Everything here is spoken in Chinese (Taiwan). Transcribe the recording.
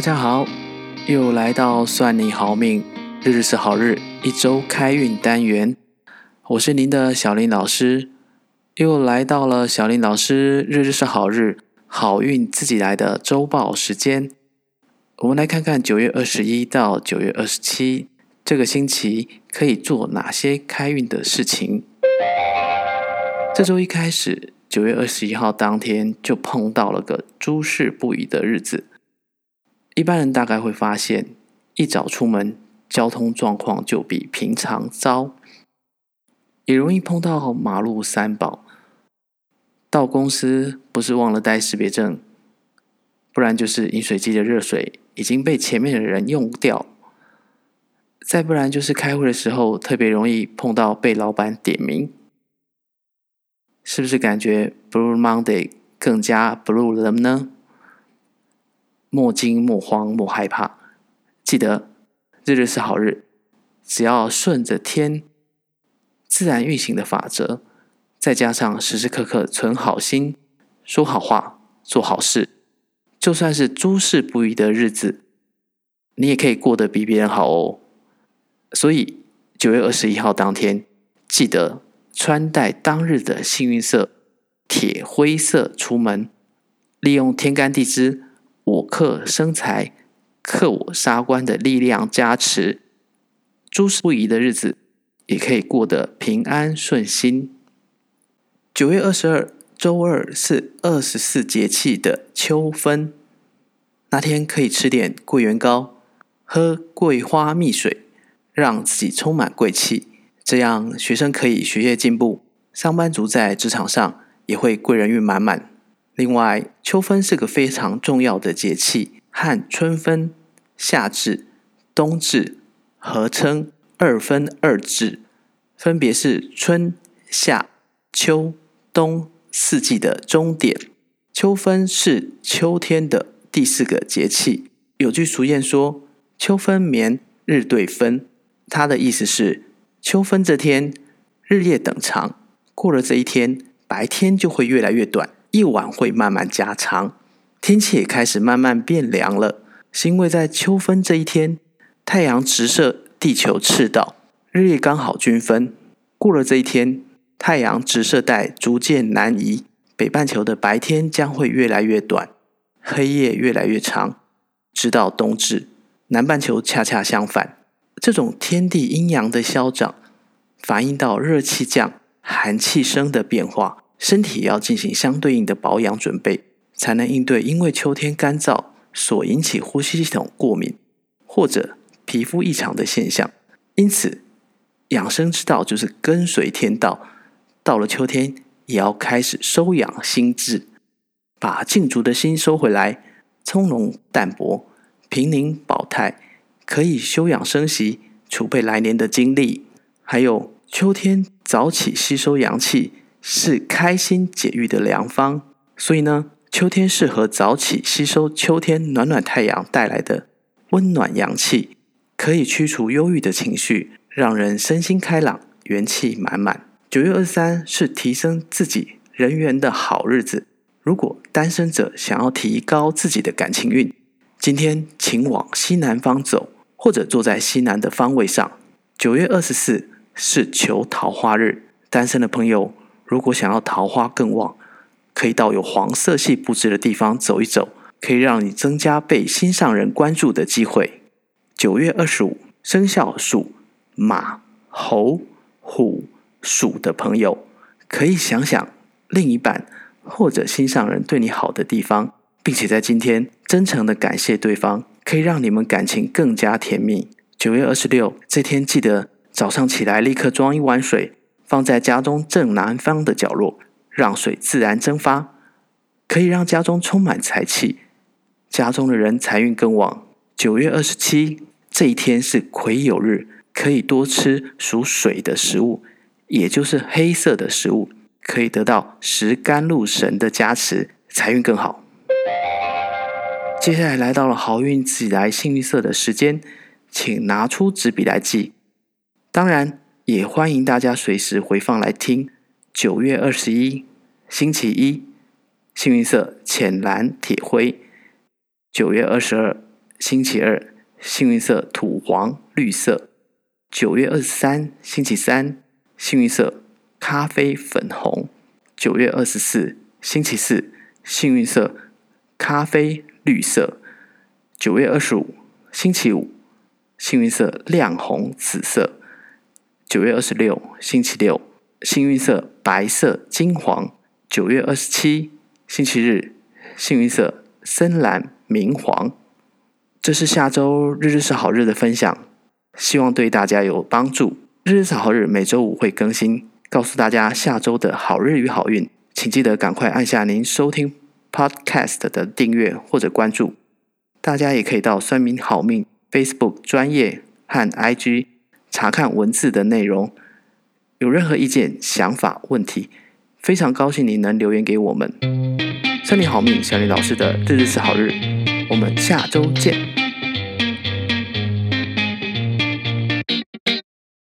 大家好，又來到算你好命，日日是好日，一周開運單元，我是您的小林老師，又來到了小林老師日日是好日，好運自己來的周報時間。我們來看看九月二十一到九月二十七這個星期可以做哪些開運的事情。這周一開始，九月二十一號當天就碰到了個諸事不宜的日子。一般人大概會發現，一早出門交通狀況就比平常糟，也容易碰到馬路三寶。到公司不是忘了帶識別證，不然就是飲水機的熱水已經被前面的人用掉，再不然就是開會的時候特別容易碰到被老闆點名。是不是感覺 Blue Monday 更加 Blue 了，um，呢？莫驚莫慌莫害怕，記得日日是好日，只要順着天自然運行的法則，再加上時時刻刻存好心、說好話、做好事，就算是諸事不宜的日子，你也可以過得比別人好哦。所以九月二十一號當天，記得穿戴當日的幸運色鐵灰色出門，利用天干地支。剋生財，剋我殺官的力量加持，諸事不宜的日子也可以過得平安順心。九月二十二，週二是二十四節氣的秋分，那天可以吃點桂圓糕，喝桂花蜜水，讓自己充滿貴氣。這樣，學生可以學業進步，上班族在職場上也會貴人運滿滿。另外，秋分是個非常重要的節氣，和春分、夏至、冬至合稱“二分二至”，分別是春夏秋冬四季的終點。秋分是秋天的第四個節氣。有句俗諺說：“秋分暝日對分”，它的意思是秋分這天日夜等長，過了這一天，白天就會越來越短。夜晚會慢慢加長，天氣也開始慢慢變涼了。是因為在秋分這一天，太陽直射地球赤道，日夜剛好均分。過了這一天，太陽直射帶逐漸南移，北半球的白天將會越來越短，黑夜越來越長，直到冬至。南半球恰恰相反。這種天地陰陽的消長，反映到熱氣降、寒氣升的變化。身體要進行相對應的保養準備，才能應對因為秋天乾燥所引起呼吸系統過敏或者皮膚異常的現象。因此，養生之道就是跟隨天道，到了秋天也要開始收養心智，把競逐的心收回來，從容淡泊，平寧保泰，可以休養生息，儲備來年的精力。還有秋天早起吸收陽氣。是開心解鬱的良方，所以呢，秋天適合早起吸收秋天暖暖太陽帶來的溫暖陽氣，可以驅除憂鬱的情緒，讓人身心開朗，元氣滿滿。九月二十三是提升自己人緣的好日子，如果單身者想要提高自己的感情運，今天請往西南方走，或者坐在西南的方位上。九月二十四是求桃花日，單身的朋友，如果想要桃花更旺，可以到有黃色系布置的地方走一走，可以讓你增加被心上人關注的機會。九月二十五，生肖屬馬、猴、虎、鼠的朋友，可以想想另一半或者心上人對你好的地方，並且在今天真誠地感謝對方，可以讓你們感情更加甜蜜。九月二十六這天，記得早上起來立刻裝一碗水。放在家中正南方的角落，讓水自然蒸發，可以讓家中充滿財氣，家中的人財運更旺。九月二十七這一天是癸酉日，可以多吃屬水的食物，也就是黑色的食物，可以得到十干祿神的加持，財運更好。接下來來到了好運自己來幸運色的時間，請拿出紙筆來記。當然。也歡迎大家隨時回放來聽。九月二十一，星期一，幸運色淺藍鐵灰。九月二十二，星期二，幸運色土黃綠色。九月二十三，星期三，幸運色咖啡粉紅。九月二十四，星期四，幸運色咖啡綠色。九月二十五，星期五，幸運色亮紅紫色。九月二十六，星期六，幸運色白色、金黃。九月二十七，星期日，幸運色深藍、明黃。這是下周日日是好日的分享，希望對大家有幫助。日日是好日，每周五會更新，告訴大家下周的好日與好運。請記得趕快按下您收聽 Podcast 的訂閱或者關注。大家也可以到酸民好命 Facebook 專頁和 IG。查看文字的內容，有任何意見、想法、問題，非常高興您能留言給我們。祝你好命，小林老師的日日是好日，我們下周見。